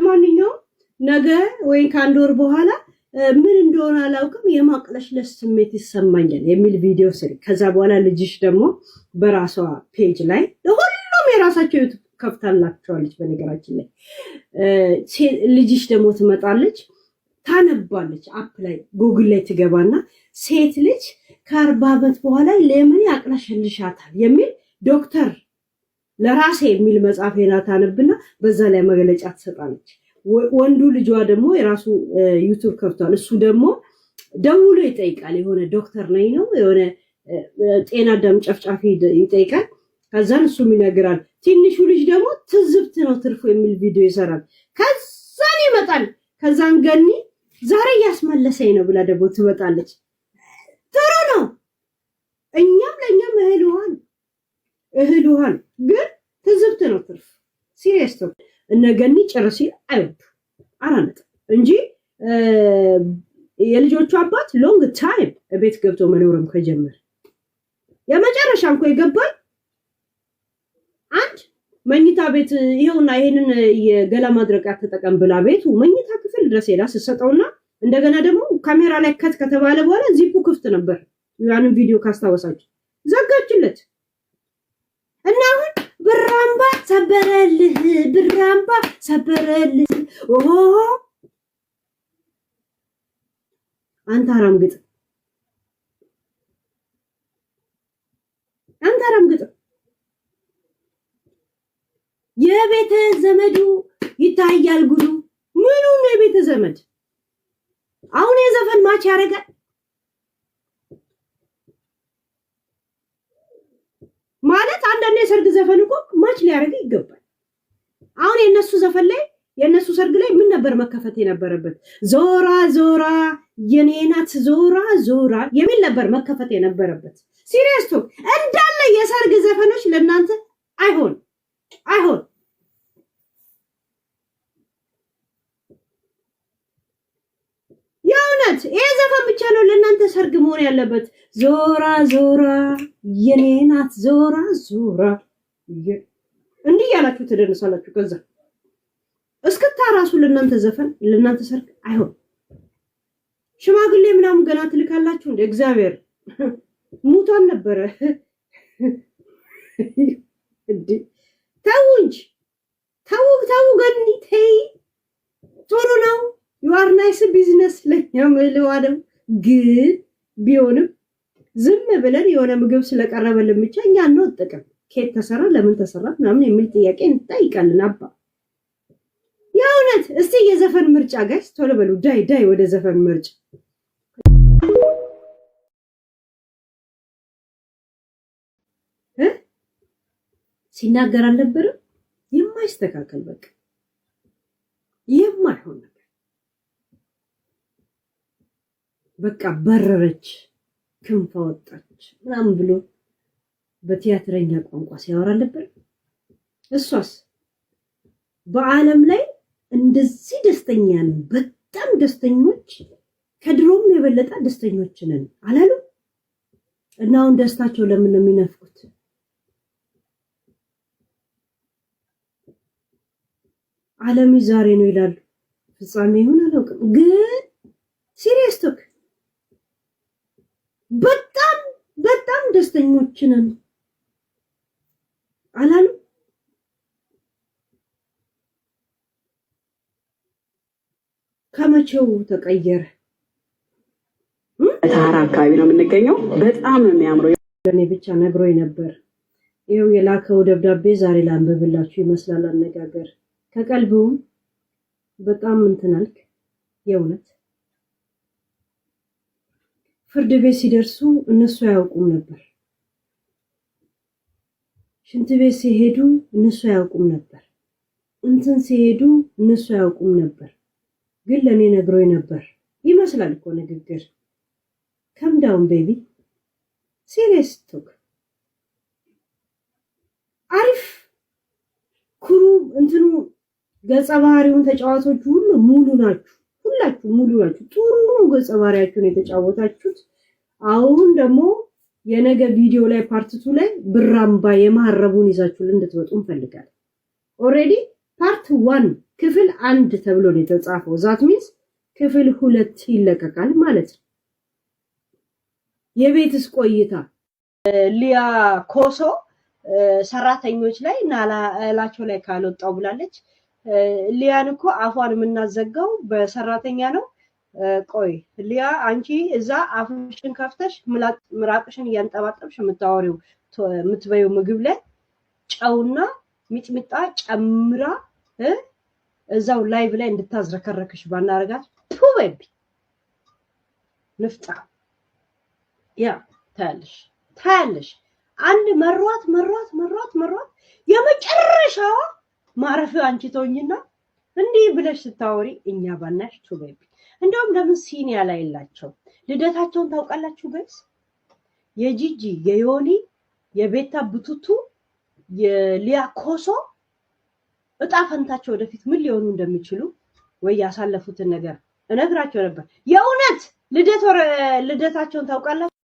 ለማንኛውም ነገ ወይም ከአንድ ወር በኋላ ምን እንደሆነ አላውቅም የማቅለሽለሽ ስሜት ይሰማኛል የሚል ቪዲዮ ስሪ። ከዛ በኋላ ልጅሽ ደግሞ በራሷ ፔጅ ላይ ለሁሉም የራሳቸው ዩቱብ ከፍታላቸዋለች። በነገራችን ላይ ልጅሽ ደግሞ ትመጣለች፣ ታነባለች። አፕ ላይ ጉግል ላይ ትገባና ሴት ልጅ ከአርባ ዓመት በኋላ ለምን ያቅለሸልሻታል የሚል ዶክተር ለራሴ የሚል መጽሐፍ ሄዳ በዛ ላይ መግለጫ ትሰጣለች። ወንዱ ልጇ ደግሞ የራሱ ዩቱብ ከፍቷል። እሱ ደግሞ ደውሎ ይጠይቃል። የሆነ ዶክተር ነኝ ነው የሆነ ጤና ዳም ጨፍጫፊ ይጠይቃል። ከዛን እሱም ይነግራል። ትንሹ ልጅ ደግሞ ትዝብት ነው ትርፎ የሚል ቪዲዮ ይሰራል። ከዛን ይመጣል። ከዛን ገኒ ዛሬ እያስመለሰኝ ነው ብላ ደግሞ ትመጣለች። ጥሩ ነው። እኛም ለእኛም እህል ውሃ ነው። እህል ውሃ ነው፣ ግን ትዝብት ነው ትርፍ። ሲሪየስ ነው። ገኒ ጨርሲ አይወዱ አራነጥ እንጂ የልጆቹ አባት ሎንግ ታይም ቤት ገብቶ መኖርም ከጀመረ የመጨረሻ እንኳ የገባል አንድ መኝታ ቤት ይኸውና፣ ይሄንን የገላ ማድረቂያ ተጠቀም ብላ ቤቱ መኝታ ክፍል ድረስ ሄዳ ስትሰጠውና እንደገና ደግሞ ካሜራ ላይ ከት ከተባለ በኋላ ዚፑ ክፍት ነበር። ያንን ቪዲዮ ካስታወሳችሁ ዘጋችለት። እና አሁን ብራምባ ሰበረልህ፣ ብራምባ ሰበረልህ። ኦሆ አንተ አራምግጥ፣ አንተ አራምግጥ። የቤተ ዘመዱ ይታያል ጉዱ። ምኑ ነው የቤተ ዘመድ? አሁን የዘፈን ማች ያደርጋል። የሰርግ ዘፈን እኮ ማች ሊያደርግ ይገባል። አሁን የእነሱ ዘፈን ላይ የእነሱ ሰርግ ላይ ምን ነበር መከፈት የነበረበት? ዞራ ዞራ የኔናት ዞራ ዞራ የሚል ነበር መከፈት የነበረበት። ሲሪየስ ቶክ እንዳለ የሰርግ ዘፈኖች ለእናንተ አይሆን አይሆን ቢያንስ ይሄ ዘፈን ብቻ ነው ለእናንተ ሰርግ መሆን ያለበት። ዞራ ዞራ የኔ ናት ዞራ ዞራ እንዲህ ያላችሁ ትደንሳላችሁ። ከዛ እስክታ ራሱ ለእናንተ ዘፈን ለእናንተ ሰርግ አይሆን። ሽማግሌ ምናምን ገና ትልካላችሁ እንደ እግዚአብሔር ሙቷን ነበረ ተው እንጂ ተው ተው ገኒ ተይ ጥሩ ነው። ዩአር ናይስ ቢዝነስ ለኛምልዋለም ግን ቢሆንም ዝም ብለን የሆነ ምግብ ስለቀረበልን ብቻ እኛ አንወጥቅም። ኬት ተሰራ ለምን ተሰራ ምናምን የሚል ጥያቄ እንጠይቃለን። አባ የእውነት እስቲ የዘፈን ምርጫ ጋይስ ቶሎ በሉ ዳይ ዳይ ወደ ዘፈን ምርጫ ሲናገር አልነበርም የማይስተካከል በቃ በቃ በረረች፣ ክንፍ አወጣች ምናምን ብሎ በቲያትረኛ ቋንቋ ሲያወራ ነበር። እሷስ በዓለም ላይ እንደዚህ ደስተኛ ነን፣ በጣም ደስተኞች፣ ከድሮም የበለጠ ደስተኞች ነን አላሉ እና አሁን ደስታቸው ለምን ነው የሚነፍቁት? ዓለም ዛሬ ነው ይላሉ፣ ፍጻሜ ይሁን አላውቅም ግን ሲሪየስ ቶክ በጣም በጣም ደስተኞች ነን አላሉ። ከመቼው ተቀየረ? ታራ አካባቢ ነው የምንገኘው። በጣም ነው የሚያምረው። ለእኔ ብቻ ነግሮ ነበር። ይኸው የላከው ደብዳቤ ዛሬ ላንብብላችሁ ይመስላል። አነጋገር ከቀልብውም በጣም እንትን አልክ የእውነት ፍርድ ቤት ሲደርሱ እነሱ አያውቁም ነበር። ሽንት ቤት ሲሄዱ እነሱ አያውቁም ነበር። እንትን ሲሄዱ እነሱ አያውቁም ነበር፣ ግን ለእኔ ነግሮኝ ነበር ይመስላል እኮ ንግግር። ከምዳውን ቤቢ ሲሪየስ ቶክ አሪፍ ኩሩ እንትኑ ገጸ ባህሪውን ተጫዋቶቹ ሁሉ ሙሉ ናችሁ። ሁላችሁ ሙሉ ናችሁ። ጥሩ ገጸ ባህሪያችሁን የተጫወታችሁት። አሁን ደግሞ የነገ ቪዲዮ ላይ ፓርትቱ ላይ ብራምባ የማረቡን ይዛችሁ እንድትመጡ እንፈልጋለን። ኦሬዲ ፓርት ዋን ክፍል አንድ ተብሎ ነው የተጻፈው። ዛት ሚንስ ክፍል ሁለት ይለቀቃል ማለት ነው። የቤትስ ቆይታ ሊያ ኮሶ ሰራተኞች ላይ ናላ እላቸው ላይ ካልወጣው ብላለች። ሊያን እኮ አፏን የምናዘጋው በሰራተኛ ነው። ቆይ ሊያ አንቺ እዛ አፍሽን ከፍተሽ ምራቅሽን እያንጠባጠብሽ የምታወሪው የምትበየው ምግብ ላይ ጨውና ሚጥሚጣ ጨምራ እዛው ላይቭ ላይ እንድታዝረከረክሽ ባናረጋት ቱበቢ ንፍጣ ያ ታያለሽ ታያለሽ። አንድ መሯት መሯት መሯት መሯት የመጨረሻዋ ማረፍ አንችቶኝና ተውኝና እንዲህ ብለሽ ስታወሪ እኛ ባናሽ ቱበይብ እንደውም ለምን ሲኒያ ላይ የላቸው ልደታቸውን ታውቃላችሁ ጋይስ? የጂጂ የዮኒ የቤታ ብቱቱ የሊያ ኮሶ እጣ ፈንታቸው ወደፊት ምን ሊሆኑ እንደሚችሉ ወይ ያሳለፉትን ነገር እነግራቸው ነበር። የእውነት ልደት ልደታቸውን ታውቃላችሁ?